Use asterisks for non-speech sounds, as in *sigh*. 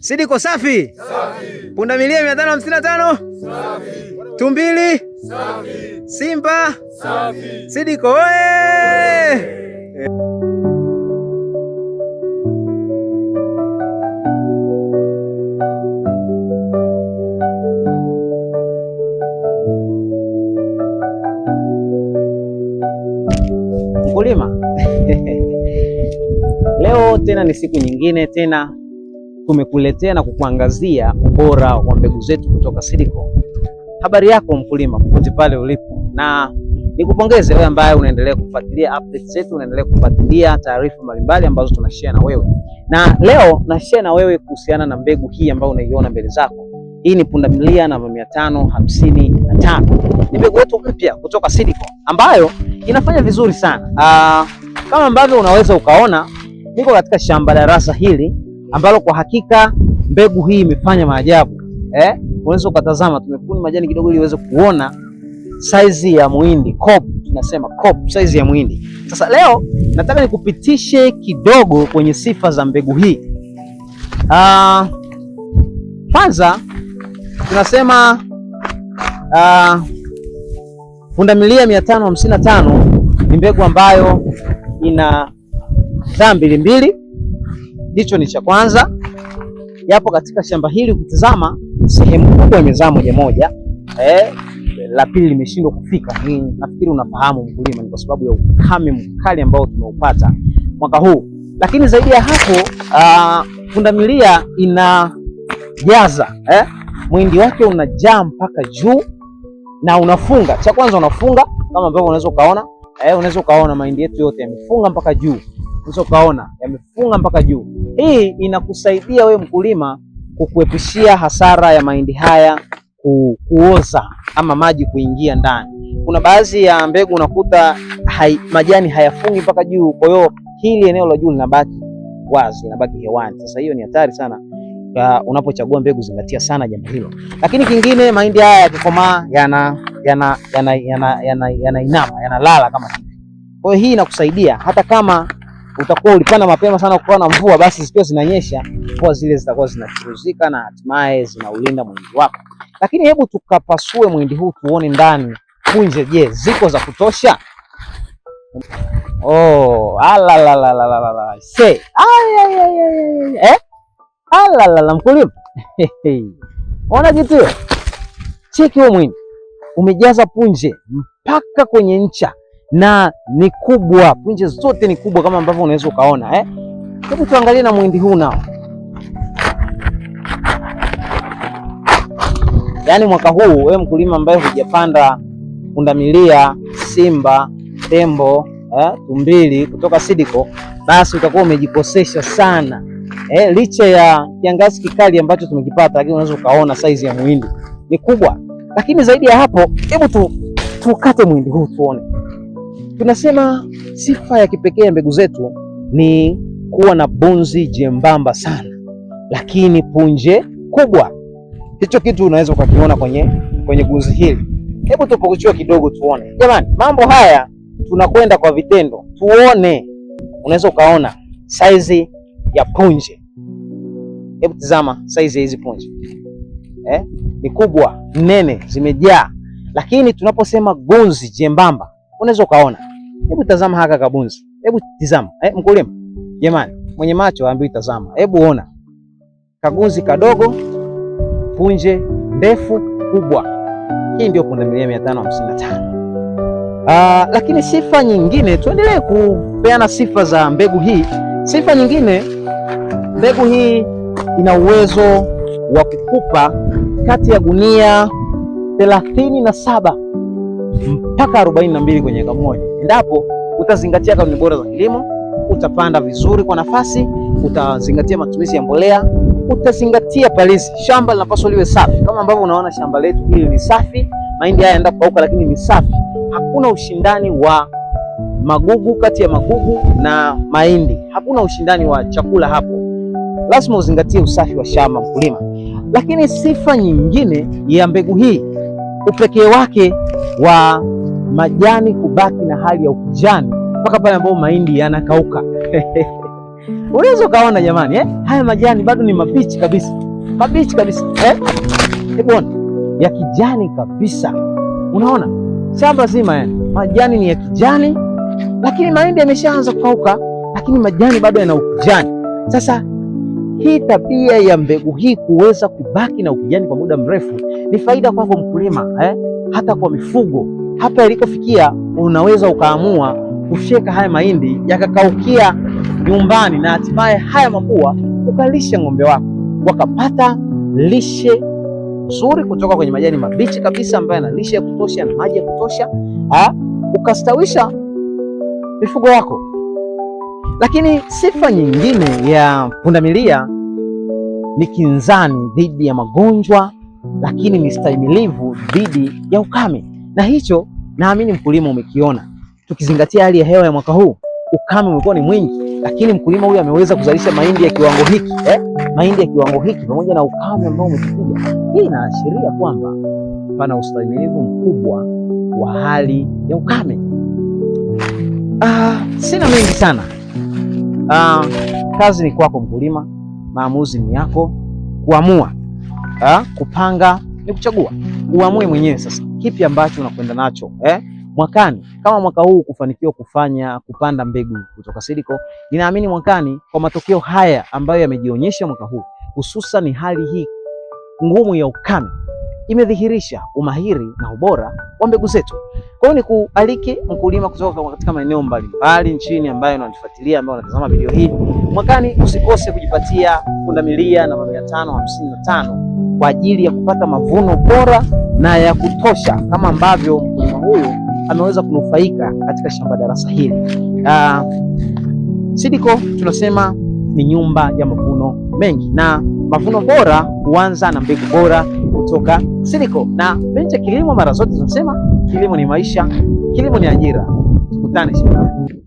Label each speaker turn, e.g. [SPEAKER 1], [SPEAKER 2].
[SPEAKER 1] Sidiko safi,
[SPEAKER 2] safi.
[SPEAKER 1] Pundamilia mia safi. Tumbili
[SPEAKER 2] safi.
[SPEAKER 1] Simba
[SPEAKER 2] safi.
[SPEAKER 1] Sidiko oye. Mkulima, *laughs* leo tena ni siku nyingine tena tumekuletea na kukuangazia ubora wa mbegu zetu kutoka Seedco. Habari yako mkulima, popote pale ulipo, na nikupongeze wewe ambaye unaendelea kufuatilia updates zetu, unaendelea kufuatilia taarifa mbalimbali ambazo tunashare na wewe, na leo na share na wewe kuhusiana na mbegu hii ambayo unaiona mbele zako. Hii ni pundamilia namba mia tano hamsini na tano. Ni mbegu yetu mpya kutoka Seedco ambayo inafanya vizuri sana. Aa, ah, kama ambavyo unaweza ukaona niko katika shamba darasa hili ambalo kwa hakika mbegu hii imefanya maajabu eh? Unaweza ukatazama, tumekuna majani kidogo ili uweze kuona saizi ya muhindi cob, tunasema cob, saizi ya muhindi. Sasa leo nataka nikupitishe kidogo kwenye sifa za mbegu hii. Ah, kwanza uh, tunasema uh, pundamilia 555 ni mbegu ambayo ina dhaa mbili mbili Hicho ni cha kwanza. Yapo katika shamba hili, ukitazama sehemu kubwa imezaa moja moja, eh, la pili limeshindwa kufika. Nafikiri unafahamu mkulima, ni kwa sababu ya ukame mkali ambao tumeupata mwaka huu. Lakini zaidi ya hapo, uh, ah, ina inajaza eh, mwindi wake unajaa mpaka juu na unafunga. Cha kwanza unafunga kama ambavyo unaweza ukaona eh, unaweza ukaona mahindi yetu yote yamefunga mpaka juu, unaweza ukaona yamefunga mpaka juu. Hii inakusaidia we mkulima kukuepushia hasara ya mahindi haya ku, kuoza ama maji kuingia ndani. Kuna baadhi ya mbegu unakuta hai, majani hayafungi mpaka juu, kwa hiyo hili eneo la juu linabaki wazi, linabaki hewani. Sasa hiyo ni hatari sana. Uh, unapochagua mbegu zingatia sana jambo hilo. Lakini kingine, mahindi haya yakikomaa yana yana yana yana yana inama yanalala kama hivi. Kwa hiyo hii inakusaidia hata kama utakuwa ulipanda mapema sana kukawa na mvua, basi zikiwa zinanyesha mvua zile zitakuwa zinachuruzika na hatimaye zinaulinda mwindi wako. Lakini hebu tukapasue mwindi huu tuone ndani punje, je, ziko za kutosha? Oh, ala la la la la la. Ay ay ay ay. Eh? Ala la la mkulima. *laughs* Ona kitu. Cheki huo mwindi. Umejaza punje mpaka kwenye ncha na ni kubwa, punje zote ni kubwa kama ambavyo unaweza ukaona eh. Hebu tuangalie na mwindi huu nao, yaani mwaka huu wewe mkulima ambaye hujapanda pundamilia, simba, tembo eh, tumbili kutoka Sidiko, basi utakuwa umejikosesha sana eh, licha ya kiangazi kikali ambacho tumekipata, lakini unaweza ukaona saizi ya mwindi ni kubwa. Lakini zaidi ya hapo, hebu tu tukate mwindi huu tuone. Tunasema sifa ya kipekee ya mbegu zetu ni kuwa na bunzi jembamba sana, lakini punje kubwa. Hicho kitu unaweza ukakiona kwenye kwenye gunzi hili. Hebu tupokuchua kidogo tuone, jamani, mambo haya tunakwenda kwa vitendo, tuone. Unaweza ukaona saizi ya punje. Hebu tizama saizi ya hizi punje eh, ni kubwa, nene, zimejaa. Lakini tunaposema gunzi jembamba unaweza ukaona. Hebu tazama haka kabunzi, hebu tizama eh, mkulima jamani, mwenye macho ambi, tazama, hebu ona kagunzi kadogo, punje ndefu kubwa. Hii ndio pundamilia mia tano hamsini na tano. Uh, lakini sifa nyingine, tuendelee kupeana sifa za mbegu hii. Sifa nyingine, mbegu hii ina uwezo wa kukupa kati ya gunia thelathini na saba mpaka 42 mbili kwenye eka moja endapo utazingatia kanuni bora za kilimo, utapanda vizuri kwa nafasi, utazingatia matumizi ya mbolea, utazingatia palizi. Shamba linapaswa liwe safi, kama ambavyo unaona shamba letu hili ni safi. Mahindi haya yanaenda kukauka, lakini ni safi. Hakuna ushindani wa magugu kati ya magugu na mahindi, hakuna ushindani wa chakula hapo. Lazima uzingatie usafi wa shamba, mkulima. Lakini sifa nyingine ya mbegu hii upekee wake wa majani kubaki na hali ya ukijani mpaka pale ambapo mahindi yanakauka. *laughs* Unaweza ukaona jamani, eh? Haya majani bado ni mabichi kabisa, mabichi kabisa eh? ya kijani kabisa, unaona shamba zima eh? majani ni ya kijani, lakini mahindi yameshaanza kukauka, lakini majani bado yana ukijani. Sasa hii tabia ya mbegu hii kuweza kubaki na ukijani kwa muda mrefu ni faida kwako mkulima eh? hata kwa mifugo. Hapa ilikofikia unaweza ukaamua kufyeka haya mahindi yakakaukia nyumbani, na hatimaye haya mapua ukalisha ng'ombe wako wakapata lishe nzuri kutoka kwenye majani mabichi kabisa ambayo yana lishe ya kutosha na maji ya kutosha, ah? ukastawisha mifugo yako. Lakini sifa nyingine ya pundamilia ni kinzani dhidi ya magonjwa, lakini ni stahimilivu dhidi ya ukame, na hicho naamini mkulima umekiona, tukizingatia hali ya hewa ya mwaka huu ukame umekuwa ni mwingi, lakini mkulima huyu ameweza kuzalisha mahindi ya kiwango hiki eh? mahindi ya kiwango hiki pamoja na ukame ambao umetupiga. Hii inaashiria kwamba pana ustahimilivu mkubwa wa hali ya ukame. Ah, sina mengi sana Uh, kazi ni kwako mkulima, maamuzi ni yako. Kuamua uh, kupanga ni kuchagua. Uamue mwenyewe sasa kipi ambacho unakwenda nacho eh? Mwakani kama mwaka huu kufanikiwa kufanya kupanda mbegu kutoka Seedco, ninaamini mwakani kwa matokeo haya ambayo yamejionyesha mwaka huu, hususan ni hali hii ngumu ya ukame imedhihirisha umahiri na ubora wa mbegu zetu. Kwa hiyo ni kualike mkulima kutoka katika maeneo mbalimbali nchini ambayo unanifuatilia, ambayo unatazama video hii. Mwakani usikose kujipatia pundamilia namba mia tano hamsini na tano kwa ajili ya kupata mavuno bora na ya kutosha kama ambavyo mkulima huyu ameweza kunufaika katika shamba darasa hili. Uh, Sidiko tunasema ni nyumba ya mavuno mengi na mavuno bora huanza na mbegu bora kutoka Silico na Venture Kilimo. Mara zote tunasema kilimo ni maisha, kilimo ni ajira. Tukutane shambani.